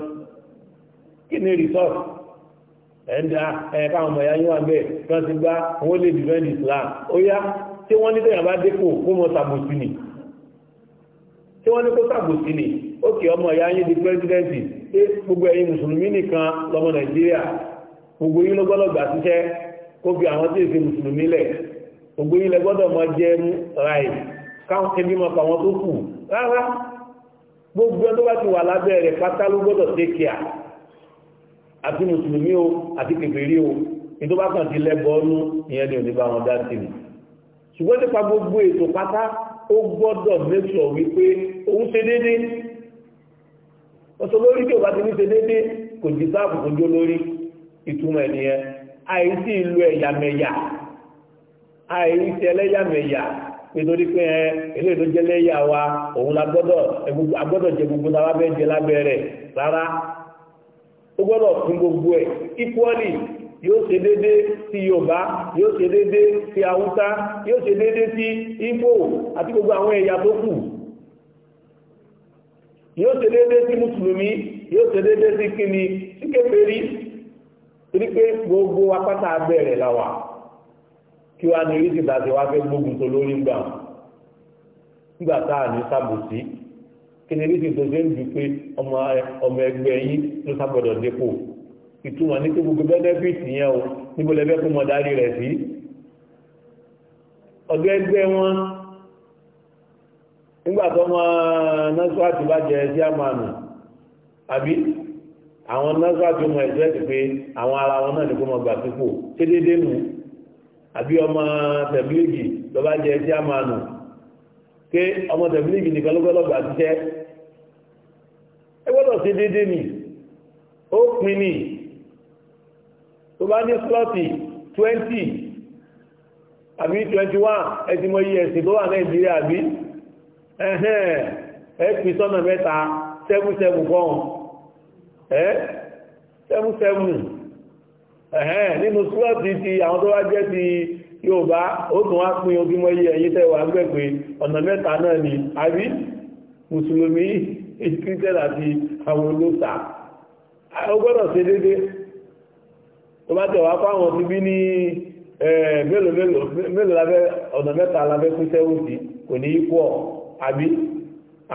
kí ni resort ẹ̀ńdà ẹ̀ka àwọn ọmọ ìyá yín wà ń bẹ kí wọ́n ti gbá wọ́n lè defend Islam ó yá tí wọ́n ní tẹ̀yàn bá dépò kó mọ́ sàbòsí nìyí tí wọ́n ní kó sàbòsí ni ó kì ọmọ ìyá yín di pẹ́sidẹ́ǹtì pé gbogbo ẹ̀yin mùsùlùmí nìkan lọ́mọ nàìjíríà gbogbo yín lọ́gbọ́lọ́gbà ṣiṣẹ́ kó fi àwọn tí èsì mùsùlùmí lẹ̀ gbogbo yín lẹ gbọ́dọ̀ mọ jẹ́ ráì káwọn ẹbí mọ pa wọn tó kù rárá gbogbo ẹni tó bá ti wà lábẹ́ ni ò ní bá wọn dá sí mi ṣùgbọ́n nípa gbogbo ètò pátá ó gbọ́dọ̀ mẹ́sọ̀ wípé òun ṣe dédé ọ̀sọ̀ lórí tí ó bá ti ní ṣe dédé kò jí sáàbù kò jó lórí ìtumọ̀ ẹ̀nìyẹn àìsí ìlú ẹ̀yàmẹ̀yà àìsí ẹlẹ́yàmẹ̀yà nítorí pé ẹ ìlú jẹ́ lẹ́yà wa òun la gbọ́dọ̀ jẹ gbogbo jẹ lábẹ́ rẹ̀ rárá ó gbọ́dọ̀ fún gbogbo ẹ̀ yóò ṣe dédé sí Yorùbá yóò ṣe dédé sí Haúsá yóò ṣe dédé sí Ìgbò àti gbogbo àwọn ẹ̀yà tó kù yóò ṣe dédé sí mùsùlùmí yóò ṣe dédé sí kíni sí kékeré torí pé gbogbo apáta abẹ́rẹ̀ la wà kí wàá ní orí ìdá tí wàá fẹ́ gbógun tó lórí gbà nígbà tá à ní sábòsí kí ni orí ìdá tó ṣe ń ju pé ọmọ ẹgbẹ́ yín ló sábọ̀dọ̀ dépò ìtumọ̀ ní tó gbogbo benefit yẹn o níbo lẹ́fẹ́ kó mọ̀ dárí rẹ̀ sí ọ̀gá ẹgbẹ́ wọn nígbà tó mọ nọ́sùwàtì bá jẹ ẹsẹ́ àmàmì àbí àwọn nọ́sùwàtì mọ ẹsẹ́ ti pé àwọn ara wọn náà ní kó mọ gbà sípò ṣé déédéé nù àbí ọmọ tẹ̀bílíìgì ló bá jẹ ẹsẹ́ àmàmì pé ọmọ tẹ̀bílíìgì nìkan ló gbọ́dọ̀ gbà síṣẹ́ ẹ gbọ́dọ̀ ṣe déédéé nì ó pin nì tó bá ní slọ́tì 20 àbí 21 ẹtìmọ̀ iye ẹ̀sìn tó wà nàìjíríà bí ẹ̀hẹ́n ẹ̀pì sọ́nà mẹ́ta 77 kan ẹ́ 77 ẹ̀hẹ́n nínú slọ́tì ti àwọn tó wá jẹ́ ti Yorùbá ó tún wá pín ogímọ̀ iye ẹ̀yìn tẹ́wàá gbẹ̀gbẹ̀ ọ̀nà mẹ́ta náà ni àbí mùsùlùmí ìkírítẹ́ àti àwọn olóòtà ó gbọ́dọ̀ ṣe déédéé tó bá tẹ̀wá fáwọn ti bí ní mélòó mélòó mélòó lábẹ́ ọ̀nà mẹ́ta lábẹ́ fún sẹ́wùtì kò ní í pọ̀ àbí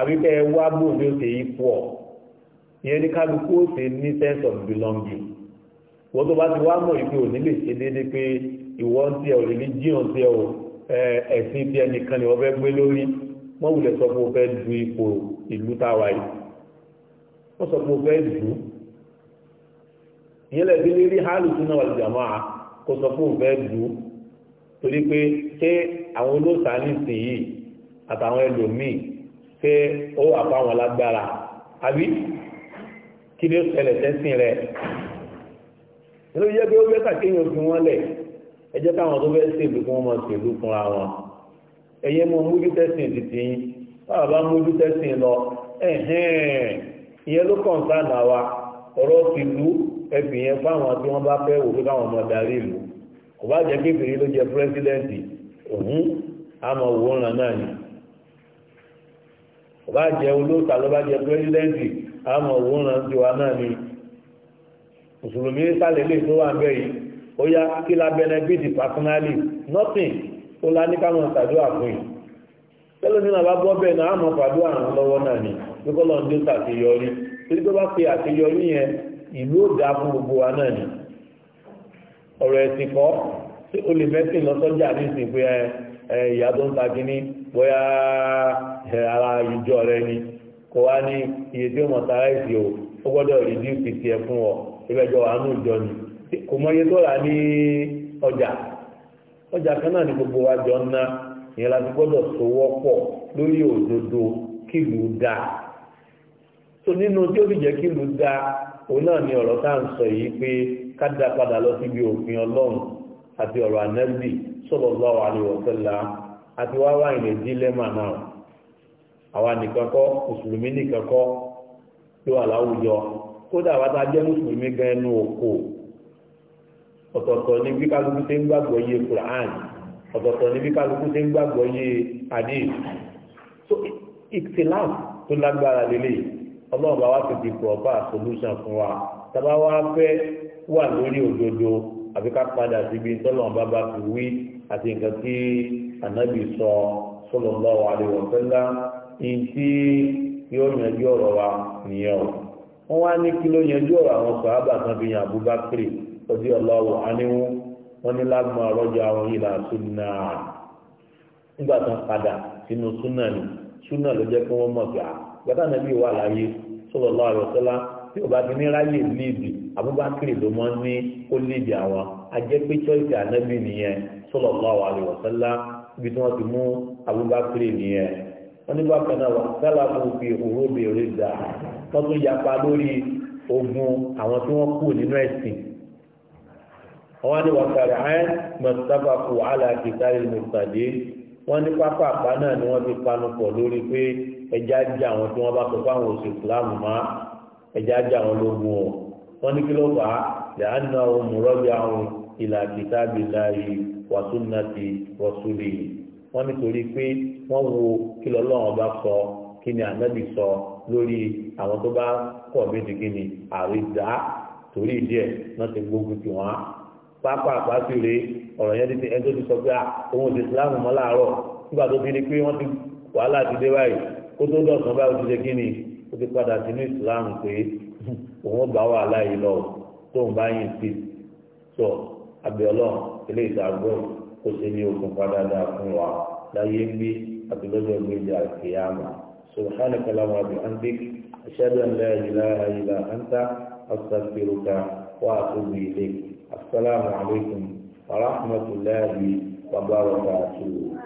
àbí kẹ́ ẹ wá gbòòdì ó ṣe yí pọ̀ ìyẹn ní kálukú ó ṣe ní sense of belonging wọ́n tó bá ti wá mọ̀ ìpè òní lè ṣe déédéé pé ìwọ ń tiẹ̀ ò lè ní jíhàn tiẹ̀ ò ẹ̀sìn tiẹ̀ nìkan ni wọ́n fẹ́ gbé lórí wọ́n wulẹ̀ sọ pé o fẹ́ du ipò ìlú táwa yìí wọ́n sọ pé o fẹ́ dùn ìyẹn lẹ́bi ní rí hálù tún náà wà lùjà mọ́ a kó sọ fún òun fẹ́ dù ú torí pé ṣé àwọn olóòṣà ní ìsìn yìí àtàwọn ẹlòmíì ṣé ó wà fáwọn lágbára àbí kí ni ó ṣẹlẹ̀ sẹ́sìn rẹ̀ nínú yẹ pé ó bẹ́ẹ̀ kàkéyàn fi wọ́n lẹ̀ ẹ jẹ́ káwọn tó fẹ́ ṣèlú kí wọ́n máa ṣèlú fúnra wọn ẹ̀yẹ mọ mójú tẹ́sìn títí yín báwa bá mójú tẹ́sìn lọ ẹ̀hẹ́n ìyẹn ló kàn sáà náà wa ọ̀rọ̀ ti lú ẹbí yẹn fáwọn tí wọ́n bá fẹ́ wò pé káwọn ọmọ darí ìlú kò bá jẹ́ kébìnrin ló jẹ́ pírẹ́sídẹ́ǹtì òun àmọ́ òwòrán náà ni kò bá jẹ́ olóòtà ló bá jẹ́ pírẹ́sídẹ́ǹtì àmọ́ òwòrán tiwa náà ni mùsùlùmí sálẹ̀ lè tó wà ń bẹ̀ yìí ó yá kí la benefit personally nothing ó lá ní káwọn ṣàdúrà fún yìí tẹ́lẹ̀ nínú àbá bọ́ bẹ́ẹ̀ náà àmọ́ pàdúrà àrùn lọ́wọ́ náà ni pé kọ́lọ́ ń dé ṣàṣeyọrí torí pé bá pe àṣeyọrí yẹn ìlú ò dáa fún gbogbo wa náà ni ọ̀rọ̀ ẹ̀sìn kọ́ tí o lè mẹ́sìn lọ sọ́jà ní ìsìn pé ìyá tó ń ta kínní bóyá ara ìjọ rẹ ni kò wá ní iye tí ó mọ̀ sára ìsì o ó gbọ́dọ̀ rìdíùsì tiẹ̀ fún ọ ìbẹ̀jọ àánú ìjọ ni kò mọ iye tó rà ní ọjà ọjà kan náà ni gbogbo wa jọ ń ná ìyẹn la ti gbọ́dọ̀ sowọ́ pọ̀ lórí òdodo kílùú dáa so nínú tí ó fi jẹ́ kílùú dáa òun náà ni ọ̀rọ̀ tá à ń sọ yìí pé ká dá padà lọ síbi òfin ọlọ́run àti ọ̀rọ̀ ànẹ́bì sallallahu alaihi wasallam àti wá wà ìrìn dílẹ́mà náà àwa nìkan kọ́ mùsùlùmí nìkan kọ́ ló wà láwùjọ kódà wá tá a jẹ́ mùsùlùmí gan ẹnu òkò ọ̀tọ̀ọ̀tọ̀ ni bí kálukú ṣe ń gbàgbọ́ yé Qur'an ọ̀tọ̀ọ̀tọ̀ ni bí kálukú ṣe ń gbàgbọ́ yé hadith so ìtìláàfù tó lágbára lélẹ́yìí ọlọ́run bá wá ti di proper solution fún wa tábà wá fẹ́ wà lórí òdodo àbí ká padà síbi tọ́lọ́run bá fi wí àti nǹkan tí ànábì sọ sallallahu alaihi wa sallam ní tí yóò yanjú ọ̀rọ̀ wa nìyẹn o wọ́n wá ní kí ló yanjú ọ̀rọ̀ àwọn sàhábà kan fi yan Abubakar radiyallahu anhu wọ́n ní lágbọ́n ọ̀rọ̀jọ àwọn ìlà súnà nígbà tán padà sínú súnà ni súnà ló jẹ́ pé wọ́n mọ̀ pé à ah, gbàtà nàbí wà láyé sallallahu alaihi wasallam tí ò bá ti ní ráyè léèdì abubakar ló mọ ní kó léèdì àwọn ajẹ́ pé chọ́ọ̀tì ànábì nìyẹn sallallahu alaihi wasallam ibi tí wọ́n ti mú abubakar nìyẹn wọ́n nígbà kan náà wọ́n sálà fún fi òwò bèrè dà wọ́n tún yapa lórí ogun àwọn tí wọ́n kú nínú ẹ̀sìn àwọn ni wọ́n kàrí ẹ́ mọ̀tàbàkù aláàkìtàrí mọ̀tàdé wọ́n ní pápá àpá náà ni wọ́n ti panu pọ̀ lórí pé ẹja jẹ àwọn tí wọ́n bá sọ fáwọn oṣù fúlàmù má ẹja jẹ àwọn lógun o wọ́n ní kí ló fà á lẹ́hàánú àwọn mùrọ́bì àwọn ìlà kìtàbí láàyè wàsúnàtì rọ́súlì wọ́n nítorí pé wọ́n wo kí lọ́lọ́run bá sọ kí ni ànábì sọ lórí àwọn tó bá kọ̀ méjì kí ni àrídà torí díẹ̀ náà ti gbógun tì wọ́n pápá àpá sì rèé ọ̀rọ̀ yẹn ti ẹjọ́ ti sọ pé òun ò ti síláàmù mọ́ láàárọ̀ nígbà tó fi ni pé wọ́n ti wàhálà ti dé báyìí kó tó dọ̀sán báyìí ó ti ṣe kí ni ó ti padà sínú ìsìláàmù pé òun ó bá wàhálà yìí lọ tóun bá yìn sí sọ abẹ́ ọlọ́run ilé ìdàgbọ́ kó ṣe ní okun padà fún wa láyé ń bí àti lọ́jọ́ méjì àti àmà سبحانك اللهم وبحمدك أشهد أن لا إله إلا السلام عليكم ورحمة الله وبركاته